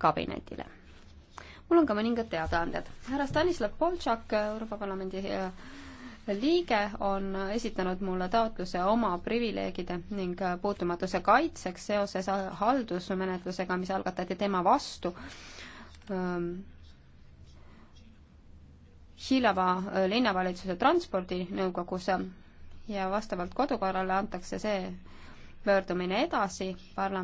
kabinetile. mul on ka mõningad teadaanded. härra Stanislav Poltšak, Euroopa Parlamendi eh, liige, on esitanud mulle taotluse oma privileegide ning eh, puutumatuse kaitseks seoses haldusmenetlusega, mis algatati tema vastu Hilava ähm, eh, linnavalitsuse transpordinõukogus ja vastavalt kodukorrale antakse see pöördumine edasi parlamendi